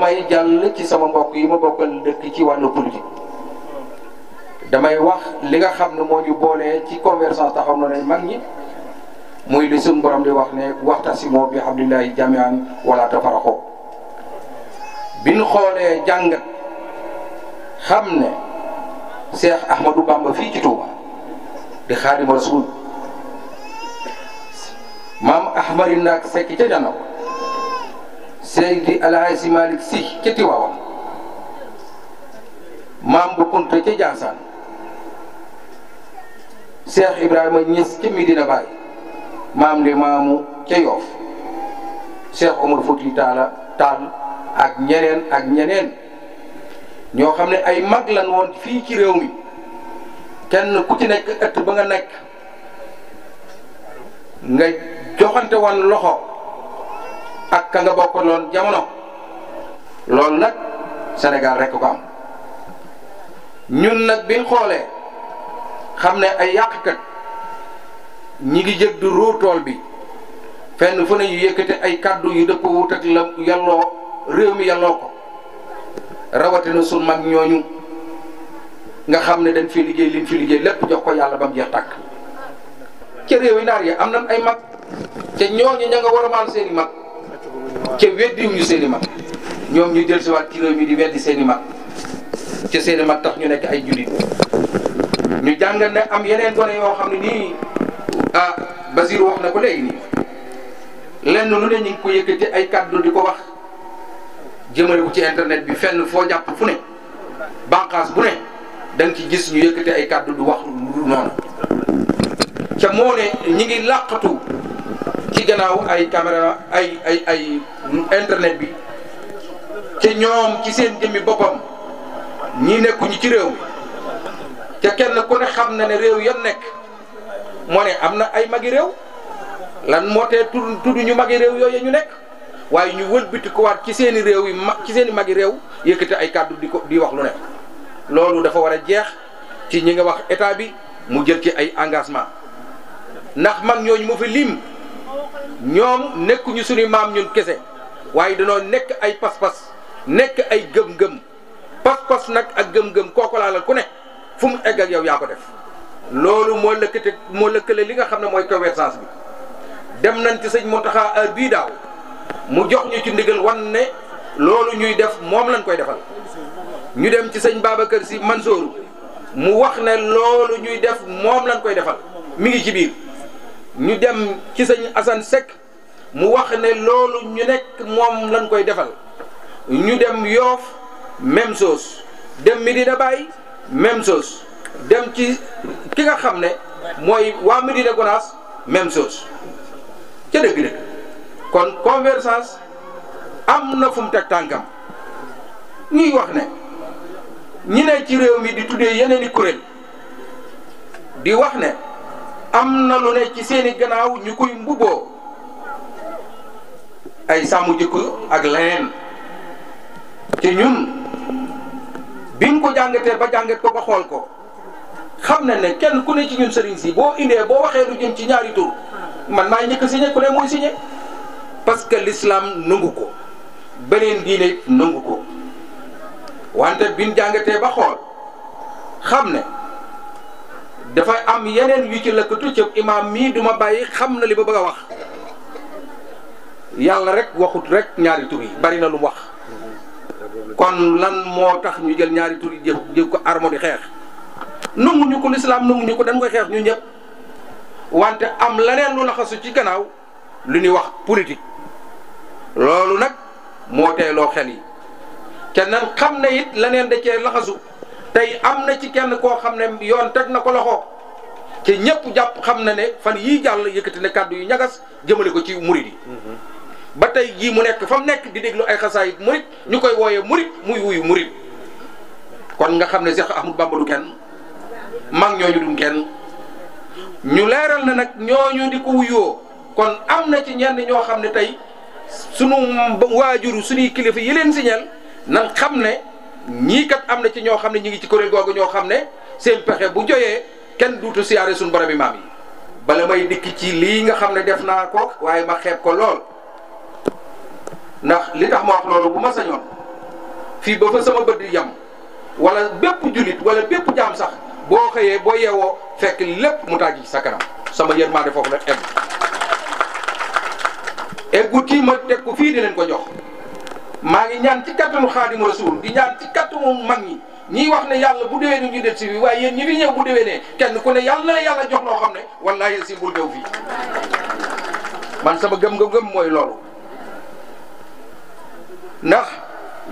may jàll ci sama mbokk yi ma bokkal dëkk ci wàllu politique damay wax li nga xam ne moo ñu boolee ci convergence taxaw na nañ mag ñi muy li suñu borom di wax ne si moo bi hablillahi jamian wala tafaraqoo biñ xoolee jàngat xam ne Cheikh Ahmadou Bamba fii ci Touba di xaadimu rasul maam Ahmari naag sekk ca janaw Seydi Alhaji Malick Sy Cheikh Ibrahima Niass ca Medina Baye maam di maamu Yoof Cheikh Omar Fouti Taala Taal ak ñeneen ak ñeneen ñoo xam ne ay mag lan woon fii ci réew mi kenn ku ci nekk ëtt ba nga nekk nga joxante woon loxo ak ka nga bokkaloon jamono loolu nag Sénégal rek ko am ñun nag biñ xoolee xam ne ay yàqkat ñi ngi jëg du ruur tool bi fenn fu ne ñu yëkkate ay kàddu yu dëpp wut ak la yàlloo réew mi yàlloo ko rawatina suñ mag ñooñu nga xam ne dañ fi liggéey liñ fi liggéey lépp jox ko yàlla ba mu jeex tàkk ca réew yi naar yi am nañ ay mag te ñooñu ña nga war a maan seen mag ca weddiwuñu seen i mag ñoom ñu jël si waat ci réew di weddi seen i mag ca seen mag tax ñu nekk ay jullit ñu jàngal ne am yeneen gone yoo xam ne nii ah Basir wax na ko léegi nii lenn lu ne ñu ngi ko yëkkati ay kàddu di ko wax jëmale ci internet bi fenn foo jàpp fu ne banqaas bu ne da nga ci gis ñu yëkkati ay kàddu du wax lu noonu ca moo ne ñi ngi làqatu ci gannaaw ay caméra ay ay ay internet bi te ñoom ci seen jëmmi boppam ñi nekkuñu ci réew te kenn ku ne xam na ne réew yam nekk moo ne am na ay magi réew lan moo tee tudd tudd ñu magi réew yooyu ñu nekk waaye ñu wëlbati ko waat ci seeni réew yi mag ci seeni magi réew yëkkati ay kàddu di di wax lu ne loolu dafa war a jeex ci ñi nga wax état bi mu jël ci ay engagement ndax mag ñooñu mu fi lim ñoom nekkuñu suñu maam ñun kese waaye danoo nekk ay pas-pas nekk ay gëm-gëm pas-pas nag ak gëm-gëm kooku laalal ku ne fu mu egg ak yow yaa ko def loolu moo lëkkate moo lëkkale li nga xam ne mooy convergence bi dem nañ ci sëñ Mountakha heure bii daaw mu jox ñu ci ndigal wan ne loolu ñuy def moom lañ koy defal ñu dem ci sëñ Babacar Sy Mansour mu wax ne loolu ñuy def moom lañ koy defal mi ngi ci ñu dem ci sëñ Assane Seck mu wax ne loolu ñu nekk moom lañ koy defal ñu dem yoof même chose dem Medina Baye même chose dem ci ki nga xam ne mooy waa Medina Gonaas même chose ca dëgg-dëgg kon convergence am na fu mu teg tànkam ñuy wax ne ñi ne ci réew mi di tuddee yeneen i kuréel di wax ne. am na lu ne ci seeni gannaaw ñu koy mbubboo ay sàmm jikko ak leneen ci ñun biñ ko jàngatee ba jàngat ko ba xool ko xam na ne kenn ku ne ci ñun sëriñ si boo indee boo waxee lu jëm ci ñaari tur man naa njëkk signé ku ne mooy signé parce que lislaam nangu ko beneen diine nangu ko wante biñ jàngatee ba xool xam ne dafa am yeneen yu ci lëkkatu ci imaam mii duma bàyyi xam na li ma bëgg a wax yàlla rek waxut rek ñaari tur yi bari na lu wax kon lan moo tax ñu jël ñaari tur yi jëf ko armo di xeex nanguñu ko lislaam nanguñu ko dañ koy xeex ñu ñëpp wante am leneen lu laxasu ci gannaaw lu ñuy wax politique loolu nag moo loo xel yi te nan xam ne it leneen da cee laxasu tey am na ci kenn koo xam ne yoon teg na ko loxo te ñëpp jàpp xam na ne fan yii jàll yëkkati ne kàddu yu ñagas jëmale ko ci murid mhm. ba tey jii mu nekk fa mu nekk di déglu ay xasaayit murid ñu koy wooyee murid muy wuyu murid kon nga xam ne Seex Ahmadu Bamba kenn mag ñooñu duñ kenn ñu leeral na nag ñooñu di ko wuyoo kon am na ci ñenn ñoo xam ne tey sunu waajuru suñuy kilifa yi leen signal nan xam ne ñii kat am na ci ñoo xam ne ñu ngi ci kuréel googu ñoo xam ne seen pexe bu joyee kenn duutu siyaare suñu barabi maam yi bala may dikk ci lii nga xam ne def naa ko waaye ma xeeb ko lool ndax li tax ma wax loolu bu ma sañoon fii ba fa sama bët di yam wala bépp julit wala bépp jaam sax boo xëyee boo yeewoo fekk lépp mu tàgg ci sa kanam sama yërmande foofu la egg eggu tii ma teg ko fii di leen ko jox maa ngi ñaan ci kattanu xaadimu rasul di ñaan ci kattanu mag ñi ñii wax ne yàlla bu déwee ñu del si bi waaye yéen ñi fi ñëw bu déwee ne kenn ku ne yàlla na yàlla jox loo xam ne wallaahi si bul ñëw fii man sama gëm-gëm mooy loolu ndax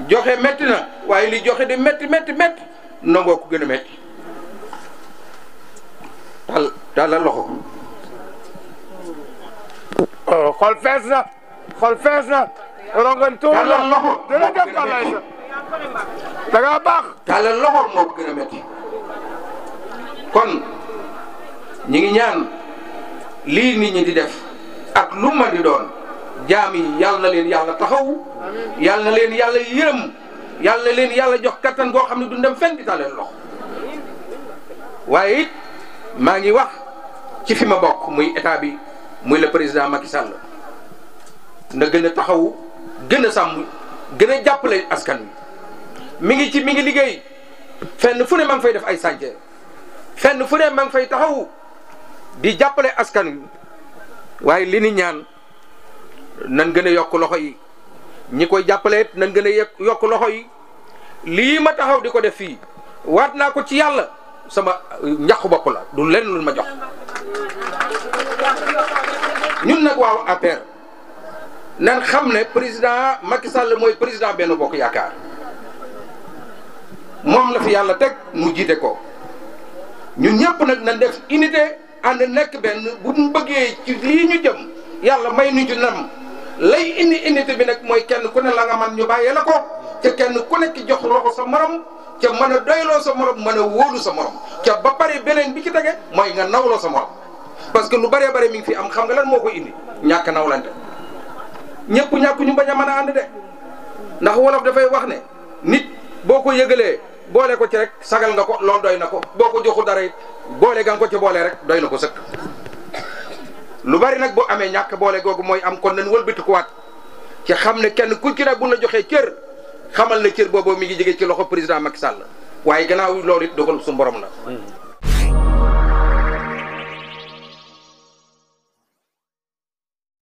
joxe métti na waaye li joxe di métti métti métti nangoo ko gën a métti tal talal loxo oh, xol fees na xol fees na rongan tuur la jërëjëf Talla baax. Talla loxo moo gën a métti kon ñi ngi ñaan lii nit ñi di def ak lu ma di doon jaam yi yàlla leen yàlla taxaw yàlla leen yàlla yërëm yàlla leen yàlla jox kattan goo xam ne du dem fenn di tàllal loxo waaye it maa ngi wax ci fi ma bokk muy état bi muy la président Macky Sall na gën a taxaw. gën a sàmm gën a jàppale askan wi mi ngi ci mi ngi liggéey fenn fu ne ma fay def ay chantier fenn fu ne ma fay taxaw di jàppale askan wi waaye li ni ñaan nan gën a yokk loxo yi ñi koy jàppale nan gën a yokk loxo yi lii ma taxaw di ko def fii waat naa ko ci yàlla sama njaqu uh, bopp la du lenn lu ma jox ñun nag waaw APR nan xam ne président Macky Sall mooy président benn bokk yaakaar moom la yàlla teg mu jiite ko ñun ñëpp nag nan def unité ànd nekk benn bu mu bëggee ci lii ñu jëm yàlla may nu ci nam lay indi unité bi nag mooy kenn ku ne la nga man ñu bàyyee la ko ca kenn ku nekk jox loxo sa morom ca mën a doyloo sa morom mën a wóolu sa morom ca ba pare beneen bi ci tege mooy nga nawloo sa morom parce que lu bëree bëri mi ngi fi am xam nga lan moo ko indi ñàkk nawlante ñëpp ñàkk ñu bañ a mën a ànd de ndax wolof dafay wax ne nit boo ko yëgalee boole ko ci rek sagal nga ko loolu doy na ko boo ko joxul dara it boole gan ko ci boole rek doy na ko sëkk. lu bari nag boo amee ñàkk boole googu mooy am kon nañ waat ci xam ne kenn ku ci ne bu la joxee cër xamal na cër booboo mu ngi jege ci loxo président Macky Sall waaye gannaaw loolu it dogal su borom la.